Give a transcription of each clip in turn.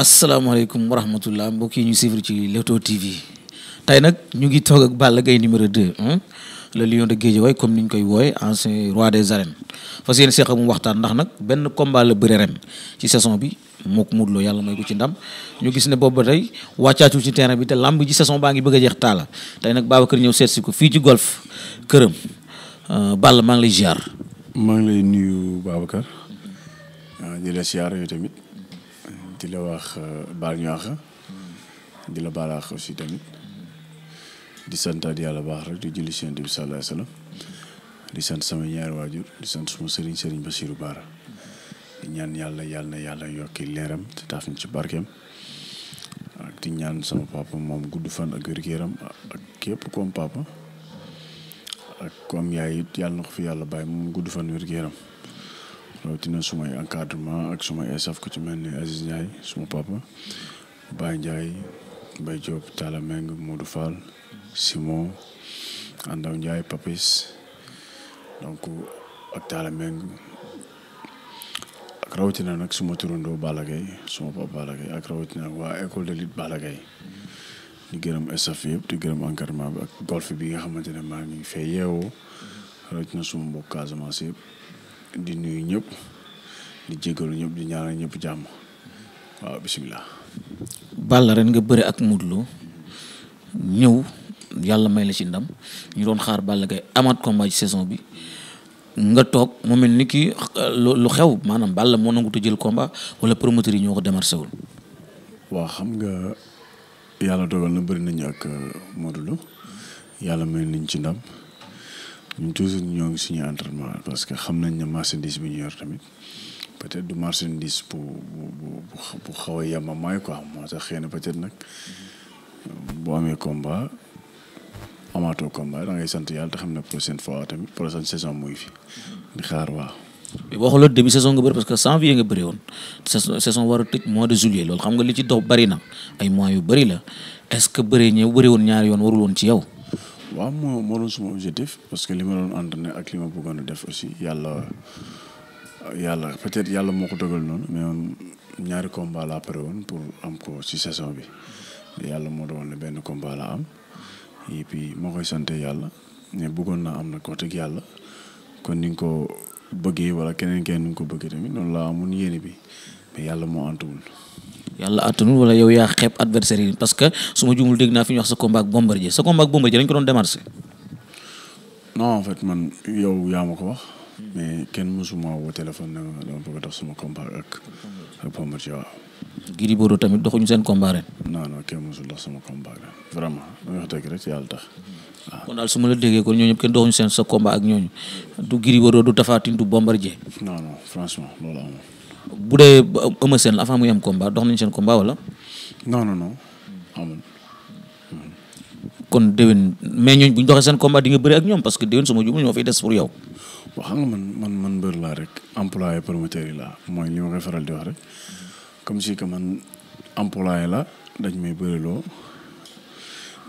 asalaamaaleykum wa rahmatullah mbokk yi ñu suivre ci Leewtoo TV tey nag ñu ngi toog ak Balla Gaye numéro 2 le lion de Guédiawaye comme ni ñu koy wooye ancien roi des arènes fas yéene seeq mu waxtaan ndax nag benn combat la bëre ren ci saison bi mook Modou Lo yàlla mooy ko ci ndam ñu gis ne boobu ba tey wàccaatu ci terrain bi te lamb ci saison baa ngi bëgg a jeex taala tey nag Babacar ñëw seet si ko fii ci golf këram euh, Balla maa ngi lay ziar. maa ngi lay nuyu Babacar. Ah, di la ziar di la wax euh, baal ñu àq hmm. di la baal àq aussi tamit hmm. di santaat yàlla baax rek di julli seen bi sallallahu alayhi wa hmm. di sant sama ñaari waajur di sant suma sëriñ sëriñ Basiru Baara di ñaan yàlla yàlla na yàlla yokki leeram te taaf ñu ci barkeem ak di ñaan sama papa moom gudd fan ak wér ak képp koom papa ak koom yaay it yàlla na ko fi yàlla bàyyi moom gudd fan wér rawatina sumay encadrement ak sumay esaf ko ci mel ni Aziz Ndiaye suma papa Baye Ndiaye Baye Diop Talla Meng Modou Simon Andaw Ndiaye Papis donc ak Talla Meng ak rawatina nag suma turandoo Balla Gaye suma papa Balla ak rawatina waa école de lutte Balla di gërëm esaf yëpp di gërëm encadrement bi ak golf bi nga xamante ne maa ngi fay yeewoo rawatina suma mbokk Casamance yëpp di nuyu ñëpp di jégalu ñëpp di ñaanal ñëpp jàmm waaw bisimilah. Balla ren nga bëre ak Modou ñëw yàlla may la ci ndam ñu doon xaar Balla Gaye amaat combat ci saison bi nga toog mu mel ni ki euh, lu xew maanaam Balla moo nangu te jël combat wala promoteur yi ñoo ko démarché wul. waaw xam nga yàlla dogal na bëri nañu ak euh, Modou yàlla may nañ ci ndam. ñun toujours ñoo ngi suñu entraînement parce que xam nañ ne marchandise bi ñu yor tamit peut-être du marchandise bu bu bu xaw a yemamaay quoi moo tax xëy na peut-être nag boo amee combat amaatoo combat da sant yàlla te xam ne prochaine fois tamit prochaine saison muy fi di xaar waaw. waxuloo début saison nga bëri parce que janvier nga bëri woon saison war a tëj mois de juillet loolu xam nga li ci dox bari na ay mois yu bari la est-ce que bëree ñëw bëri woon ñaari yoon warul woon ci yow. waaw moo moo doon suma objectif parce que li ma doon entraîné ak li ma bëggoon a def aussi yàlla yàlla peut-être yàlla moo ko dogal noonu mais woon ñaari combat pare woon pour am ko ci saison bi yàlla moo doon ne benn combat am et moo koy sant yàlla mais bëggoon naa am na ko teg yàlla kon ni nga ko bëggee wala keneen kenn ni nga ko bëggee tamit noonu laa amoon yéene bi mais yàlla moo antuwul yàlla attanul wala yow yaa xeeb adversaire yi parce que su ma juumul dégg naa fi ñu wax sa combat ak Bombardier sa combat ak Bombardier dañ ma a tax suma combat tamit doxuñu seen combat dox sama combat ren vraiment ma wax dëgg rek yàlla su ma la déggee kon ñooñu ñëpp kenn doxuñu seen sa ak ñooñu du Gris du Tapha Tine du franchement bu dee Eumeu Sène la avant muy am combat dox nañ seen combat wala. non non non amul. kon déwén mais ñooñ bu ñu doxee seen combat di nga bëri ak ñoom parce que déwén sama jumul ñoo fay des pour yow. waaw xam nga man man man mbër laa rek employé promoteur yi laa mooy li ma koy faral di wax rek comme si que man employé la dañ may bëriloo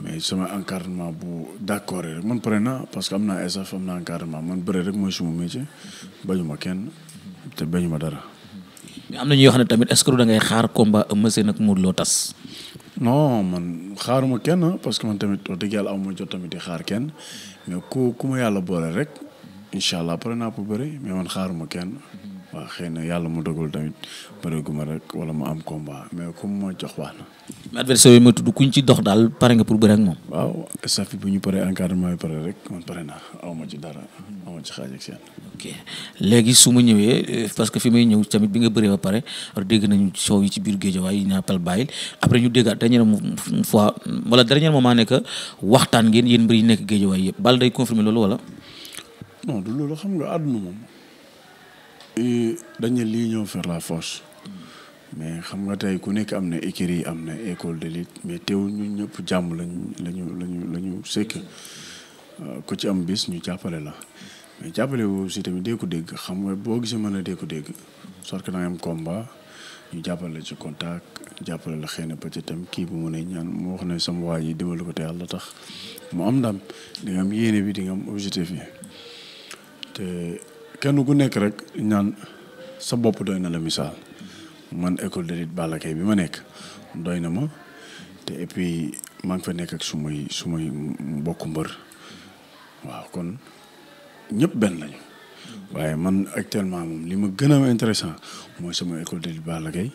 mais sama encadrement bu d'accord rek man pare naa parce que am naa staff am naa encadrement man bëre rek mooy suma métier bañuma kenn te bañuma dara. mais am na ñu xam ne tamit est-ce da ngay xaar combat Eumeu Sène ak Modou loo tas. non man xaaruma kenn parce que man tamit wax dëgg yàlla amuma jot tamit di xaar kenn mais ku ku ma yàlla boole rek incha allah pare naa pour bëri mais man xaaruma kenn. waaw xëy na yàlla mu dogal tamit bëreeguma rek wala mu am combat mais comme ma jox baax na. mais adversaire yi ma tudd kuñ ci dox daal pare nga pour bëre ak moom. waaw staff bu ñu paree encadrement bi pare rek man pare naa awma ci dara awma ci xaaj seen. léegi su ma ñëwee euh, parce que fi may ñëw tamit bi nga bëree ba pare dégg nañu soow yi ci biir géejawaay yi ñaapal bàyyil après ñu déggaat dernière fois wala dernier moment ne que waxtaan ngeen yéen mbër yi nekk géejawaay yëpp bal day confirmer loolu wala. non du loolu xam nga àdduna moom. Euh, dañ ne lii la force. mais xam nga tey ku nekk am na écurie yi am na école de lutte mais teewul ñun ñëpp jàmm lañu lañu lañu lañu sekk euh, ku ci am bis ñu jàppale la. mais jàppale wu si tamit dee ko dégg xam nga boo gisee mën a dee ko dégg soit que da am combat ñu jàppale la ci contact jàppale la xëy na peut être tam kii bu mu ne ñaan moo wax ne sama waa ji dimbali ko te yàlla tax mu am ndam di am yéene bi di am objectif yi te kenn ku nekk rek ñaan sa bopp doy na la misaal man école de lutte bi ma nekk doy na ma te et puis maa ngi fa nekk ak su may su may mbokku mbër waaw kon. ñëpp benn lañu. waaye man actuellement moom li ma gën a intéressant mooy sama école de Balla Gaye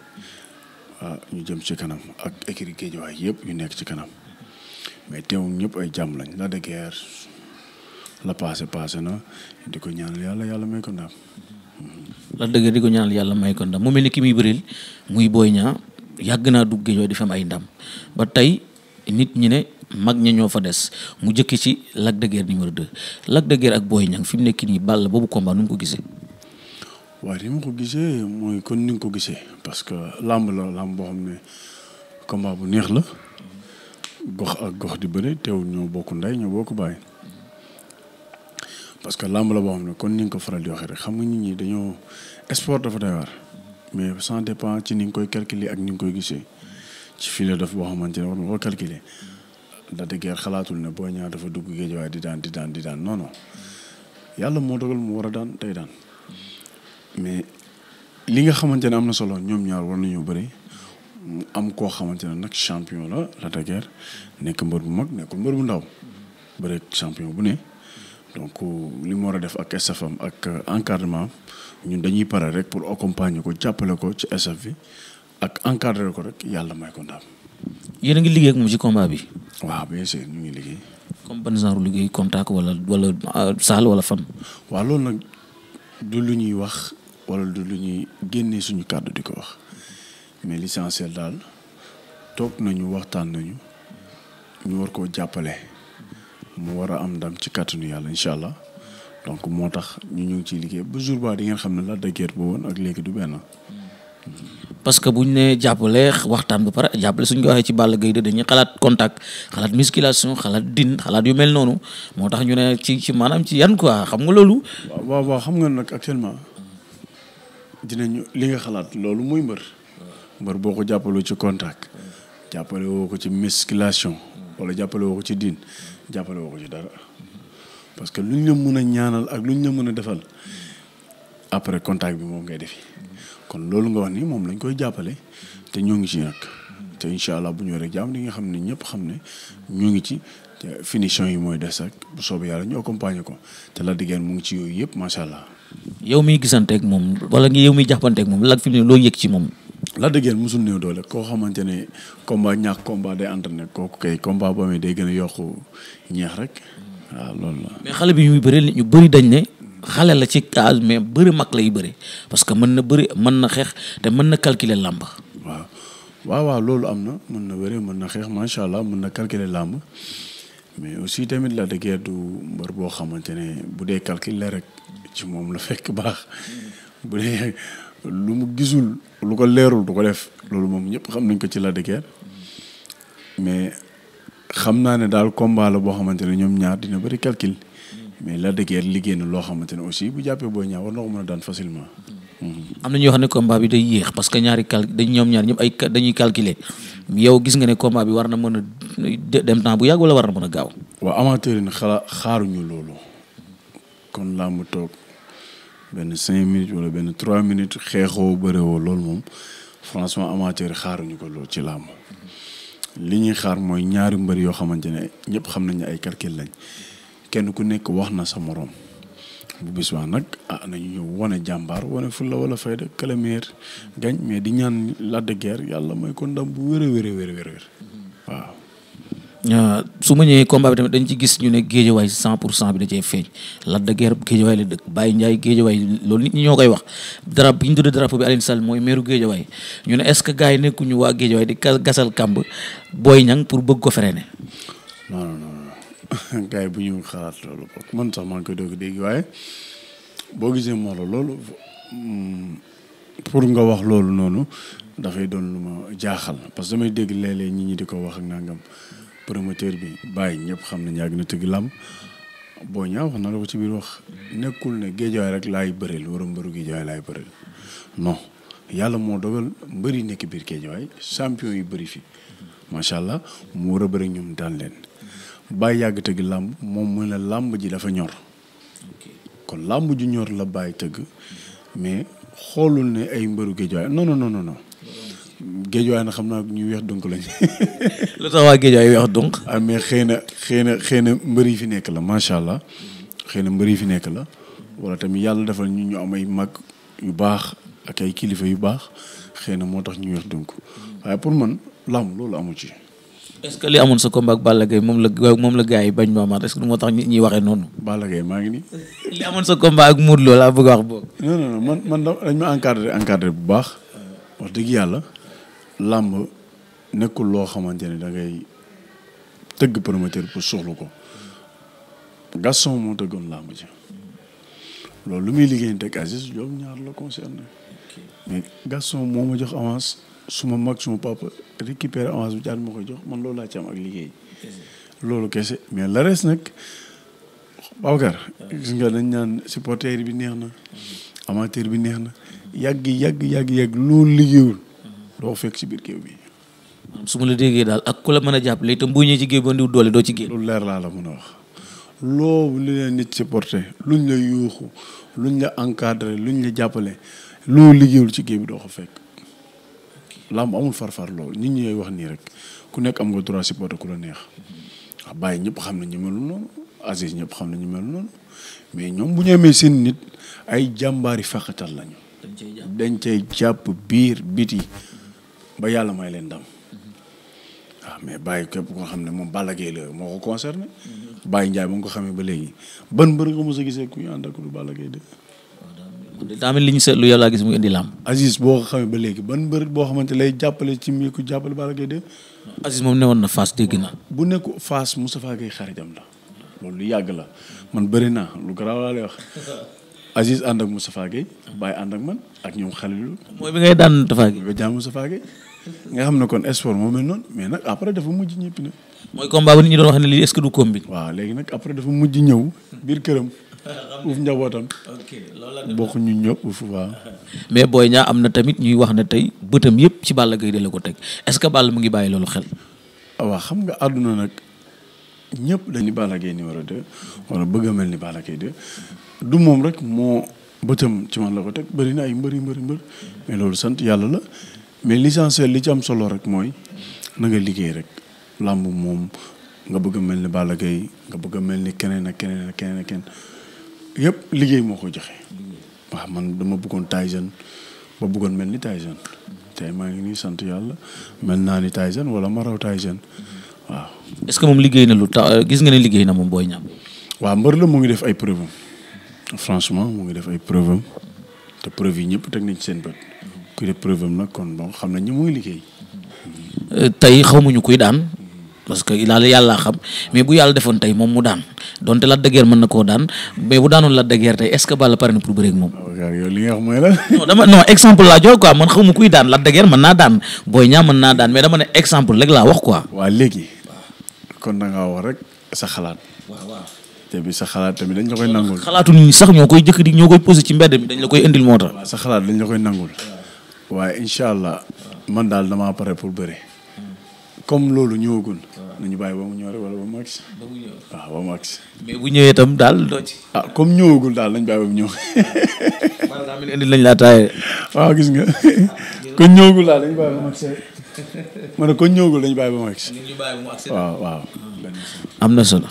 ah ñu jëm ci kanam ak écrit Guédiawaye yëpp ñu nekk ci kanam mais teewul ñëpp ay jàmm lañ la de la passé passé na di ko ñaanal yàlla yàlla may ko ndam. la dëgg di ko ñaanal yàlla may ko ndam mu mel ni ki muy bëril muy Boy ñaa yàgg naa dugg Guédiawaye di fa ay ndam ba tey nit ñi ne. mag ña ñoo fa des mu jëkki ci Lac de Guiers numéro 2 Lac de Guiers ak Boy Niang fi mu nekk nii Balla boobu combat nu mu ko gisee. waaw li ma ko gisee mooy kon ni nga ko gisee parce que làmb la boo xam ne combat bu neex la gox gox di bëre teewul ñoo bokk nday ñoo bokk bàyyi parce que làmb boo xam ne kon ni nga ko faral di waxee rek xam nga nit ñi dañoo sport dafa doy mais ça dépend ci ni nga koy calculer ak ni nga koy gisee ci def boo xamante ne war na ko calculer. Lac de xalaatul ne Boy ñaar dafa dugg géejawaay di daan di daan di daan non yàlla moo dogal mu war a daan tey daan mais li nga xamante ne am na solo ñoom ñaar war nañoo bëri mu am koo xamante ne nag champion la Lac de nekk mbër bu mag nekkul mbër bu ndaw bëri champion bu ne donc li mu war a def ak SFM ak euh, encadrement ñun dañuy pare rek pour accompagner ko jàppale ko ci SF bi ak encadrer ko rek yàlla may ko ndam. yéen ngi liggéey ak moom ci combat bi. waaw bien sûr ñu ngi liggéey. comme ban genre liggéey contact wala wala euh, saal wala fan. waaw loolu nag du lu ñuy wax walla du lu ñuy génne suñu kàddu di ko wax mais l'essentiel daal toog nañu waxtaan nañu ñu war koo jàppale mu war a am ndam ci kàttanu yàlla incha allah donc moo tax ñu ñu ngi ciy liggéey ba jour ba di ngeen xam ne la de guerre boobu woon ak léegi du benn. Hmm. parce que bu ñu nee jàppale waxtaan bu pare jàppale suñ ko waxee ci Balla Gaye da dañuy xalaat contact xalaat musculation xalaat din xalaat yu mel noonu moo tax ñu ne ci ci maanaam ci yan quoi xam nga loolu. waaw waaw xam nga nag actuellement dinañu li nga xalaat loolu muy mbër. mbër boo ko jàppaloo ci contact. jàppalewoo ko ci musculation. wala jàppale woo ko ci diin jàppale woo ko ci dara parce que luñ la mën a ñaanal ak luñ la mën a defal après contact bi moom ngay defi. kon loolu nga wax nii moom lañ koy jàppale te ñoo ngi ci nag te incha allah bu ñu waree jàmm di nga xam ne ñëpp xam ne ñoo ngi ci te finition yi mooy des ak bu soobee yàlla ñu accompagner ko te la diggéen mu ngi ci yooyu yëpp macha allah. yow miy gisanteek moom wala yow miy jàppanteeg moom lan fi mu ne loo yëg ci moom. la dëggeen musul néew doole koo xamante ne combat ñàkk combat day entraîné kooku kay combat boobu day gën a yokk ñeex rek waaw loolu la. mais xale bi ñuy bëri ñu bëri dañ ne. xale la ci âge mais bëri mag lay bëri parce que mën na bëri mën na xeex te mën na calculer làmb. waaw waaw waaw loolu am na mën na wéree mën na xeex macha allah mën na calculer làmb mais aussi tamit la de du mbër boo xamante ne bu dee calcul rek ci moom la fekk baax bu dee lu mu gisul lu ko leerul du ko def loolu moom ñëpp xam nañ ko ci la de mais xam naa ne daal combat la boo xamante ne ñoom ñaar dina bëri calcul. mais la de Guiers liggéey na loo xamante ne aussi bu jàppee Boy Niang war na ko mën a daan facilement. Mm-hmm. am na ne combat bi day yéex parce que ñaari cal dañ ñoom ñaar ñëpp ay dañuy calculer yow gis nga ne combat bi war na mën a dem temps bu yàgg war na mën a gaaw. waaw amateur yi xala xaaruñu loolu kon mu toog benn cinq minutes wala benn trois minutes xeexoo bërewoo loolu moom franchement amateur yi xaaruñu ko loolu ci làmb li ñuy xaar mooy ñaari mbër yoo xamante ne ñëpp xam nañ ay calcul lañ. kenn ku nekk wax na sa moroom bu bis waa nag ah nañu ñëw wane jàmbaar wane fulla wala fayda que le meilleur gagne mais di ñaan Lac de Guiers yàlla mooy ko ndam bu wér a wér a wér a ah, su ma ñëwee combat bi tamit dañ ci gis ñu ne géejewaay cent pour cent bi da cee feeñ Lac de Guiers géejewaay la dëkk Baye Ndiaye géejewaay loolu nit ñoo koy wax drapeau bi ñu tuddee drapeau bi Alioune Sall mooy meeru géejewaay ñu ne est-ce que gars yi nekkuñu waa géejewaay di gasal kàmb Boy Niang pour bëgg ko freiner. non gars yi bu ñu xalaat loolu man sax maa ngi koy doog a dégg waaye boo gisee Moro loolu hmm, pour nga wax loolu noonu dafay doon lu ma jaaxal parce que damay dégg léeg-léeg ñi ñi di ko wax ak nangam promoteur bi bàyyi ñëpp xam nañ yàgg na tëgg làmb boo ñaaw wax na la ci biir wax nekkul ne géejawaay rek laay bëreel wara mbëru géejawaay laay bëreel non yàlla moo dogal mbëri nekk biir géejawaay champion yu bëri fi macha allah mu war a bëri ñoom daan leen bàyyi yàgg tëgg làmb moom mu ne làmb ji dafa ñor kon làmb ju ñor la bàyyi tëgg mais xoolul ne ay mbëru géejawaay non non non non géejawaay na xam naa ñu weex donc lañ. lu tax waa géejawaay weex donc. ah mais na xëy na xëy na mbër yi fi nekk la macha allah xëy na mbër yi fi nekk la wala tamit yàlla defal ñu ñu am ay mag yu baax ak ay kilifa yu baax xëy na moo tax ñu weex donc waaye pour man làmb loolu amu ci. est-ce que li amoon sa combat ak Balla moom la moom la yi bañ ma maat est-ce que du moo tax ñi waxee noonu. sa combat ak Modou Lo laa a wax boobu. non man man dañ ma encadré encadré bu baax. wax dëgg yàlla. làmb nekkul loo xamante ne dangay tëgg promoteur pour soxlu ko. Gaston moo tëggoon làmb ji. loolu lu muy liggéeyante ak Aziz ñoom ñaar la concerné. mais Gaston moo jox avance. suma mag suma papa récupéré avance bi daal ma ko jox man loolu laa ci ak liggéey. loolu kese mais le reste nag Babacar. gis nga dañ naan supporter bi neex na. amateur bi neex na. yàgg yàgg yàgg yàgg loolu liggéeyul. doo fekk ci biir géew bi. su ma la déggee daal ak ku la mën a jàppale itam bu ñëwee ci géew doole doo ci génn. leer laa la a wax. loolu li leen nit luñ la yuuxu luñ la encadré luñ la jàppale loolu liggéeyul ci géew bi doo ko fekk. làmb amul farfar farfarloo nit ñi ñooy wax nii rek ku nekk am nga droit supporter ku la neex wax bàyyi ñëpp xam ne ñu melu noonu Aziz ñëpp xam ne ñu melu noonu mais ñoom bu ñu amee seen nit ay jàmbaar jàmbaari fàqatal lañu dañ cay jàpp biir biti ba yàlla may leen ndam mm-hmm. waaw mais bàyyi képp koo xam ne moom Balla Gaye la moo ko concerné Baye Ndiaye mu ngi ko xamee ba léegi ban mbër nga mos a gisee kuy ànd ak lu Balla Gaye de daa mel li ñu seetlu yow laa gis mu indi lam Aziz boo ko xamee ba léegi ban mbër boo xamante lay jàppale ci mi ku jàppale Balla Gaye de. Aziz moom newoon na Fass dégg na. bu nekku Fass Moustapha Gueye xaritam la loolu lu yàgg la man bëri naa lu garaaw laa lay wax Aziz ànd ak Moustapha Gueye bàyyi ànd ak man ak ñoom Khalilou. mooy bi ngay daan Moustapha Gueye. nga jaan na Gueye xam ne kon sport moo mel noonu mais nag après dafa mujj ñëpp nag. mooy combat bi nit ñi doon wax ne lii est-ce que du combi. waaw léegi nag après dafa mujj ñëw biir këram. uuf njabootam. ok loolu la bokkuñu ñëpp uuf waaw. mais Boy Niang am na tamit ñuy wax ne tey bëtam yëpp ci Balla Gaye de la ko teg est-ce que Balla mu ngi bàyyi loolu xel. Ah, waaw xam nga àdduna nag ñëpp dañu ni Balla Gaye numéro bëgg a mel ni Balla Gaye du moom rek moo bëtëm ci man la ko teg bëri na ay mbëri mbëri mbër mais loolu sant yàlla la mais l'essentiel li ci am solo rek mooy na nga liggéey rek làmb moom nga bëgg a mel ni Balla Gaye nga bëgg a mel ni keneen ak keneen ak keneen ak keneen. yëpp liggéey moo ko joxe. waa man dama bëggoon Tyson ba buggoon mel ni Tyson tey maa ngi nii sant yàlla mel naa ni Tyson wala ma raw Tyson waaw. est-ce que moom liggéey na lu tax gis nga ne liggéey na moom Boy Niang. waa mbër la mu ngi def ay preuve am franchement mu ngi def ay preuve te preuve yi ñëpp teg nañ ci seen bët ku def preuve nag kon bon xam nañ ñu mu ngi liggéey. Euh, tey ñu kuy daan parce que il a yàlla xam mais bu yàlla defoon tey moom mu daan donte Lac de Guiers mën na koo daan mais bu daanoon Lac de Guiers tey est pare na pour bëreeg moom. yow li nga la. non dama non exemple man naa daan Boy Niang mën naa daan mais dama ne exemple sa xalaat. waaw waaw. te bi sa xalaat tamit dañ la koy nangul. xalaatu nit ñi sax ñoo koy jëkk di ñoo koy posé la koy indil moo tax. koy nangul. waaye incha allah man daal damaa pare pour bëre. comme loolu ñëwagul. nañu bàyyi ba mu ñore wala ba bu ñëwee itam daal doo ah comme ñëwagul daal nañ bàyyi ba mu ñëw. maanaam lañ laa taayee. waaw gis nga kon ñëwagul daal dañu bàyyi ba mu agsi. ma ne kon ñëwagul dañu bàyyi ba mu agsi. ñu am na solo.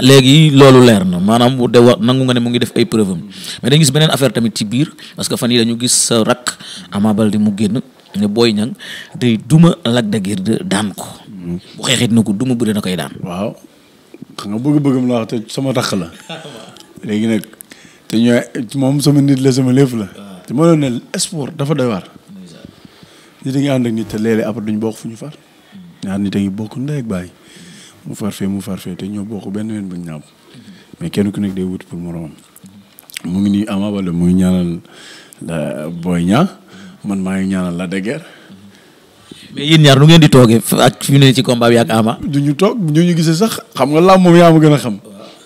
léegi loolu leer na maanaam bu de wa nangu nga ne mu ngi def ay preuve am mais dañu gis beneen affaire tamit ci biir parce que fan yi dañu gis sa rakk Ama Baldé mu génn ne booy Niang day duma Lac de Guiers de daan ko. Mm-hmm. bu xeexit na ko duma bëri na koy daan. waaw xam nga bëgg-bëggam la sama tax la. léegi nag te ñooy moom sama nit la sama la. Ah. te moo doon ne sport dafa doy war nit a ngi ànd ak nit te léeg après duñ bokk fu ñu far. Mm. ñaar nit a ngi bokk ndey baay. mu farfee mu farfee te ñoo bokk benn ween buñ ñaaw. Mm-hmm. mais kenn ku nekk day wut pour moromam. mu ngi nii Ama Baldé mu ngi ñaanal euh, Boy Niang. man maa ngi ñaanal la de mais yéen ñaar nu ngeen di toogee ak fi mu ne ci combat bi ak du ñu toog du ñu gisee sax xam nga làmb moom yaa ma gën a xam.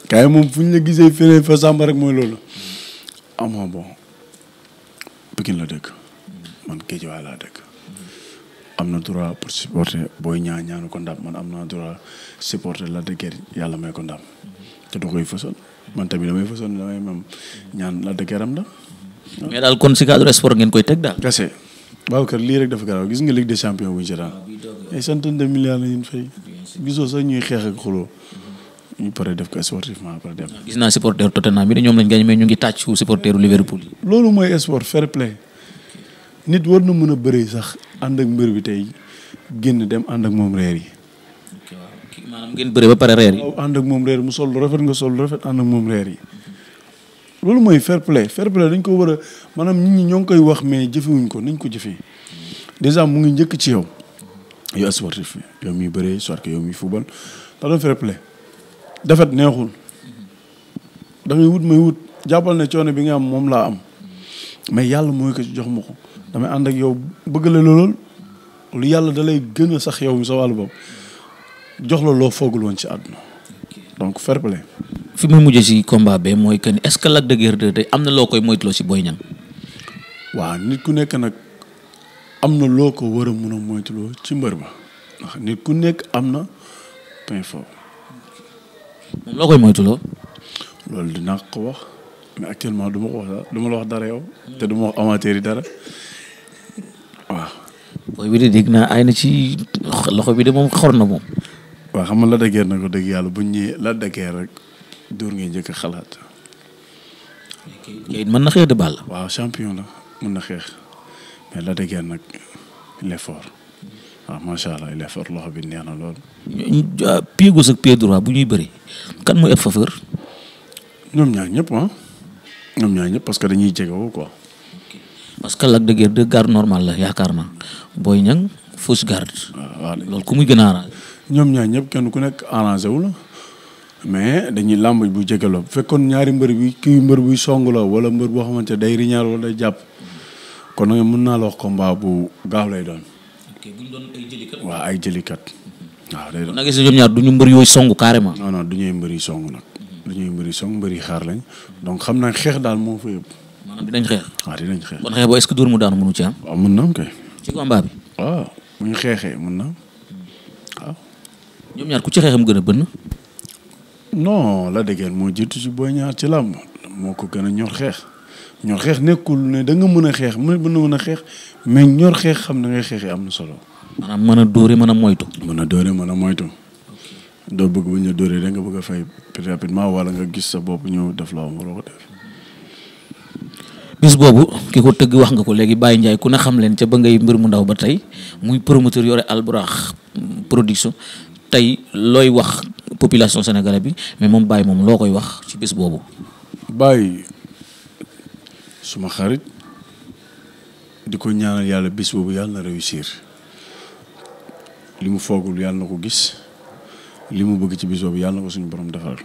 kaay moom fu ñu la gisee feneen fa sàmba rek mooy loolu. Ama bon Pikine la dëkk man Guédiawaye laa dëkk. am na droit pour supporter booy ñaan ñaanu ko ndam man am naa droit supporter la de yàlla may ko ndam. te du koy fësal man tamit damay fësal damay même ñaan la de guerre Hmm. mais daal kon si cadre sport ngeen koy teg daal. kese Babacar lii rek dafa garaaw gis nga ligue des champions bu ñu ci daan ay centaine de milliards la ñuy fay ah, gisoo sax ñuy xeex ak ñu pare def ko sportivement pare dem. Ah, gis naa supporter Tottenham bi ñoom lañ gañ mais ñu ngi tàcc supporteru Liverpool yi. loolu mooy sport fair nit war na mën a bëree sax ànd ak mbër bi tey génn dem ànd ak moom reer yi. maanaam ngeen bëree ba pare reer yi. ànd moom reer mu sol rafet nga sol rafet ànd moom reer yi. loolu mooy fair play fair play dañ koo war a maanaam nit ñi ñoo koy wax mais jëfewuñ ko nañ ko jëfee dèjà mu ngi njëkk ci yow yow sportif yow miy bëree soit que yow miy football tax doon fair play defet neexul da wut may wut jàppal ne coono bi nga am moom laa am mais yàlla mooy ko ci jox ma ko damay ànd ak yow bëgg la lool lu yàlla da lay gën sax yow mi sa wàllu bopp jox la loo foogul woon ci àdduna donc fair play fi muy mujj si combat be mooy que ni est ce que Lac de Guiers am na loo koy moytuloo si Boy Niang. waaw nit ku nekk nag am na loo ko war a mun a moytuloo ci mbër ma ndax nit ku nekk am na point fort. moom loo koy moytuloo. loolu dina ko wax mais actuellement du ma ko wax dara du ma la wax dara yow. te du ma wax amateur yi dara waaw. booy bi de dégg naa ay na ci loxo bi de moom xor na moom. waa xam nga Lac de Guiers nag dëgg yàlla buñ ñëwee Lac de rek dóor ngay njëkk xalaat. mën na xeex de Balla. waaw champion la mën na xeex mais la dëgër nag il est fort waaw macha allah il est loxo bi neex na lool. Ah, pied gauche ak bu ñuy bëri kan mooy ëpp faveur. ñoom ñaar ñëpp ah ñoom ñaar ñëpp parce que dañuy jegewoo quoi. parce que Lac dëgg Guiers garde normal la yaakaar naa booy Niang fausse garde. Ah, waaw loolu ku muy gën a arrangé. ñoom ñaar ñëpp kenn ku nekk arrangé wu la. mais dañuy làmb bu jégaloo bu fekkoon ñaari mbër bi kii mbër buy song la wala mbër boo xamante day riñaar wala jàpp kon nag mën naa la wax combat bu gaaw lay doon. ok bu ay jëlikat. waaw ay jëlikat. waaw day doon du ñu mbër yooyu song carrément. non non ñuy mbër yi song nag. Mhm. du ñuy mbër yi song mbër xaar lañ donc xam naa xeex daal moo fa xeex. waaw dinañ xeex kon mu daanu mënu ci am. waaw mën na am kay. ci bu ñu xeexee mën na am waaw. Mhm. ku ci xeexam gën a bënn non la dëggeen moo jiitu ci Boy ci làmb moo ko gën a ñor xeex ñor xeex nekkul ne da nga mën a xeex mën na mën a xeex mais ñor xeex xam na ngay xeexee am na solo. maanaam mën a doore mën a moytu. mën a dóore mën a doo bëgg bu ñu dóoree da nga bëgg a fay plus rapidement wala nga gis sa bopp ñëw def la waroo ko def. bis boobu ki ko tëgg wax nga ko léegi bàyyi njaay ku ne xam leen ca ba ngay mbir mu ndaw ba tey muy promoteur yore Alburax production tey looy wax population sénégalaise bi mais moom Baye moom loo koy wax ci bés boobu. Baye suma xarit di ko ñaanal yàlla bés boobu yàlla na réussir li mu foogul yàlla na ko gis li mu bëgg ci bés boobu yàlla na ko suñu borom defal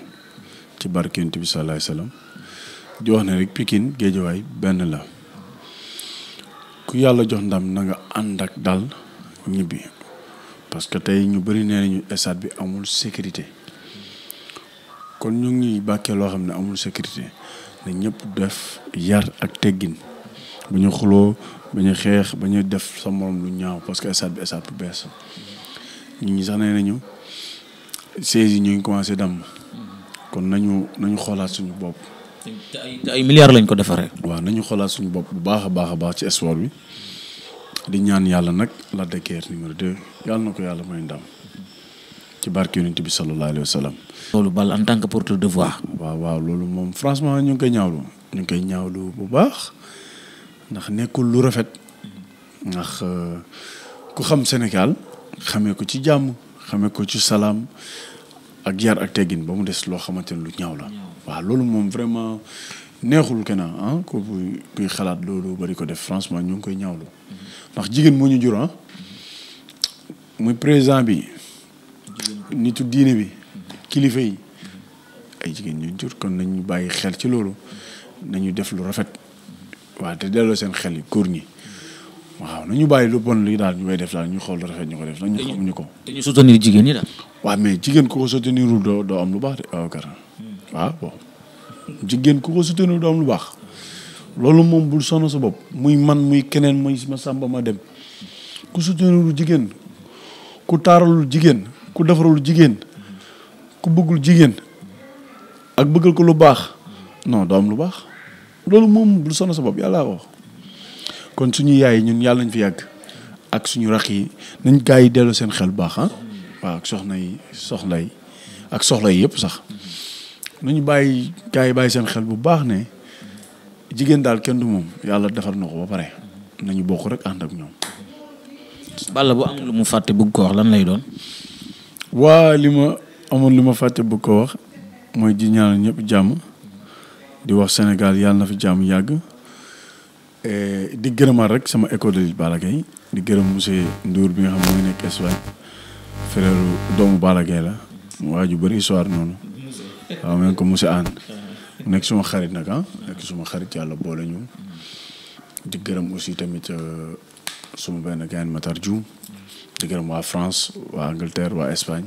ci barkent bi sallallahu alayhi wasallam wax ne rek Pikine Géejawaay benn la ku yàlla jox ndam na nga ànd ak dal ñibbi parce que tey ñu bëri nee nañu stade bi amul sécurité kon ñu ngi bàkkee loo xam ne amul sécurité na ñëpp def yar ak teggin bu ñu xuloo ba ñu xeex ba ñu def sa morom lu ñaaw parce que stade bi stade bu bees ñun ñi sax nee nañu seize yi ñu ngi commencé damm kon nañu nañu xoolaat suñu bopp. te ay ay milliards lañ ko defaree. waaw nañu xoolaat suñu bopp bu baax a baax a baax ci sport bi di ñaan yàlla nag Lac de Guiers numéro 2 yàlla na ko yàlla may ndam. ci barke yonent bi sallallahu alayhi wa sallam. loolu bal waaw waaw loolu moom franchement ñu ngi koy ñaawlu ñu ngi koy ñaawlu bu baax ndax nekkul lu rafet ndax euh, ku xam Sénégal xamee ko ci jàmm xamee ko ci salaam ak yar ak teggin ba mu des loo xamante ne lu ñaaw la. waaw loolu moom vraiment neexul kenn ah ku kuy xalaat loolu bari ko def franchement ñu ngi koy ñaawlu ndax jigéen moo ñu ah, muy président bi. nitu diine bi kilifa yi ay jigéen ñu jur kon nañu bàyyi xel ci loolu nañu def lu rafet waaw te delloo seen xel yi góor ñi waaw nañu bàyyi lu bon li daal ñu koy def daal ñu xool lu rafet ñu ko def nañu xam ñu ko. dañu soutenir jigéen ñi daal. waaw mais jigéen ku ko soutenirul doo am lu baax de hmm. waaw kar jigéen ku ko soutenirul doo am lu baax loolu moom bul sonn sa bopp muy man muy keneen muy ma sàmba ma dem ku soutenirul jigéen ku taaralul jigéen. ku defarul jigéen ku bëggul jigéen ak bëggal ko lu baax non doom lu baax loolu moom lu sonn sa bopp yàlla ko kon suñu yaay ñun yàlla nañ fi yàgg ak suñu rax yi nañ gaa yi delloo seen xel bu baax ah ak soxna yi soxla yi ak soxla yi yépp sax nañu bàyyi gaa yi bàyyi seen xel bu baax ne jigéen daal kenn du moom yàlla defar na ko ba pare nañu bokk rek ànd ak ñoom. Balla bu am lu mu fàtte bëgg ko wax lan lay doon. waa li ma amoon li ma fàtte bu ko wax mooy di ñaanal ñëpp jàmm di wax Sénégal yàlla na fi jàmm yàgg eh, di gërëmaat rek sama école de lutte Balla di gërëm monsieur nduur bi nga xam ne mooy nekk Balla Gaye la waa ju bëri histoire noonu waaw ma ko monsieur Anne nekk suma xarit nag ah nekk suma xarit yàlla boole ñu di gërëm aussi tamit. Euh, suma benn gain Matar Diouf di gërëm waa France waa Angleterre waa Espagne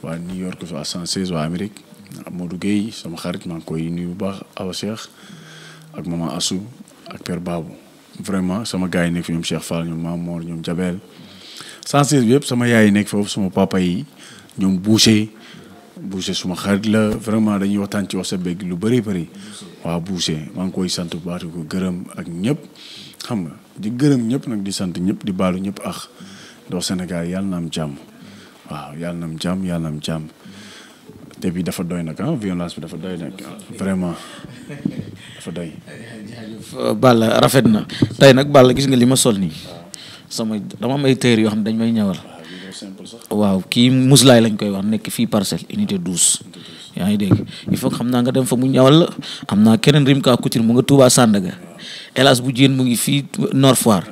waa New York waa 116 waa am moo Guèye sama xarit maa ngi koy bu baax Awa Cheikh ak maman Assou ak père Babou vraiment sama gars nekk fi ñoom Cheikh Fall ñoom Mamour ñoom Jabel yëpp sama yaay yi nekk foofu suma papa yi ñoom Boucher Boucher suma xarit la vraiment dañuy waxtaan ci sa beeg lu bëri bëri waa Boucher maa ngi koy sant bu baax ko gërëm ak ñëpp xam nga. di gërëm ñëpp nag di sant ñëpp di baalu ñëpp ax doo Sénégal yàlla na jàmm waaw yàlla na jàmm yàlla na jàmm te bi dafa doy nag ah violence bi dafa doy nag vraiment dafa doy. Balla rafet na tey nag Balla gis nga li ma sol nii sama dama am ay yoo xam ne dañ may ñëwal. waaw kii muslaay lañ koy wax nekk fii parcelle unité 12 yaa ngi dégg il faut xam naa nga dem fa mu ñawal la am naa keneen rim ka couture mu nga tuubaa Sandaga hélas bu jigéen mu ngi fii Nord Foire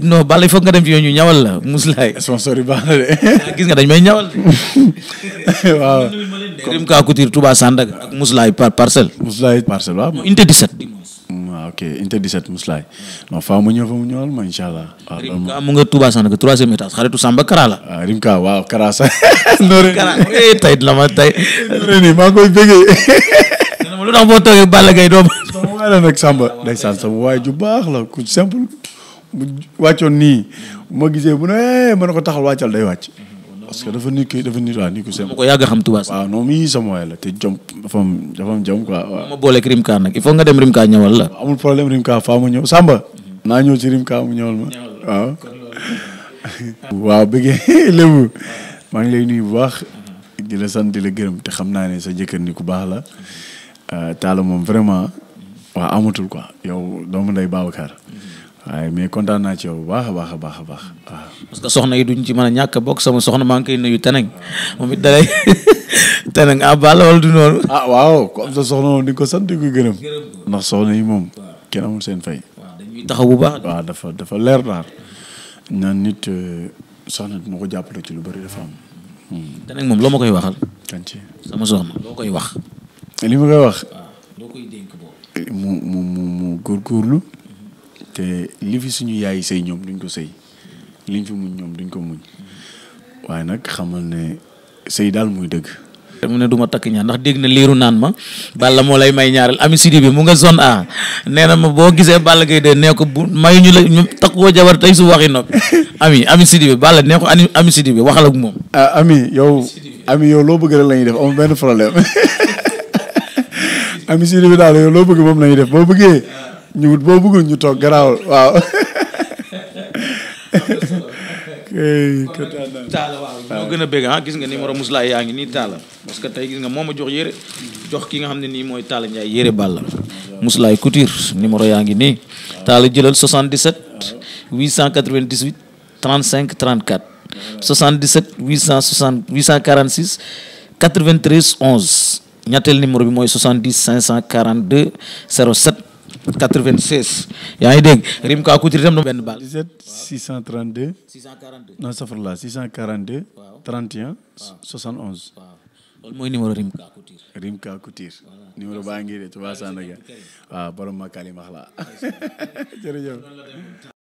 non bala foog nga dem fi ñu ñawal la Moussoulaye. sponsor yi baax de. Ah, gis nga dañ may ñawal de. waaw. Rim Ka Couture Touba Sandaga ak Moussoulaye par mu ah, ñëw fa mu ñëwal ma incha allah. waaw ah, Rim Ka mu nga Touba Sandaga troisième étage xaritu Samba Kara la. waaw Ka waaw Kara sax. Nooré Kara eh tey la ma tey. Nooré maa def nag Samba ndeysaan waay ju baax la ku simple bu wàccoon nii ma gisee bu ne eh, mën na ko taxal wàccal day wàcc parce que dafa nit ki dafa nit waa nit ku ko yàgg xam tubaab waaw non mii sama waay la te jom dafa am dafa am jom la amul problème Rimka faa ma ñëw Samba mhm. naa ñëw ci Rimka mu ñëwal ma waaw waaw bëggee maa ngi lay nuyu baax mhm. di la sant di la gërëm te xam naa ne sa jëkkër ni ku baax la mhm. euh, taala moom vraiment waaw amatul ko yow doomu ndey Babacar. waaye mais kontaan naa ci yow bu baax a baax a baax a baax waaw. parce que soxna yi duñ ci mën a ñàkk bokk sama soxna maa ngi koy nuyu teneng moom it dalay teneng ah Balla wala du noonu. ah di ko sant di ko gërëm. ndax soxna yi moom. kenn amul seen fay. waaw dañuy taxaw bu baax. waaw dafa dafa leer daal. naan nit euh, soxna bi ma ko jàppale ci lu bari dafa am. Hmm. teneng moom loo ma koy waxal. kan ci sama soxna loo koy wax. li ma koy wax. loo mu mu mu mu góorgóorlu te li fi suñu yaay sëy ñoom duñ ko sëy liñ fi muñ ñoom duñ ko muñ waaye nag xamal ne sëy daal muy dëgg. te mu ne duma takk ñaar ndax dégg na liiru naan ma Balla moo lay may ñaareel Ami Sidi bi mu nga son ah nee na ma boo gisee bala Gaye de nee ko bu mayu ñu la ñu takkoo jabar tey su waxi noppi Ami Ami Sidi bi Balla nee ko ani Ami Sidi bi waxal moom. ah Ami yow Ami yow loo bëgg rek lañuy def amul benn problème. ami si bi daal yow loo bëgg moom nañu def boo bëggee ñu ñu toog garaawul waaw taala waaw moo a bégg ah gis nga numéro Mousla yaa ngi nii taala parce que tey gis nga moom ma jox yére jox ki nga xam ne nii mooy taala Ndiaye yére Balla Mouslaay Couture numéro yaa ngi nii taala jëlal 77 898 35 34 77 860 846 93 11 ñetteel numéro bi mooy 70 542 07 96 yaa ngi dégg Rim Ka Couture itam benn baal 17 632 642 non safrla 642 31 71 loolu mooy numéro Rim Ka Couture Rim Ka Couture numéro baa ngi de Touba Sandaga waaw borom ma kali max la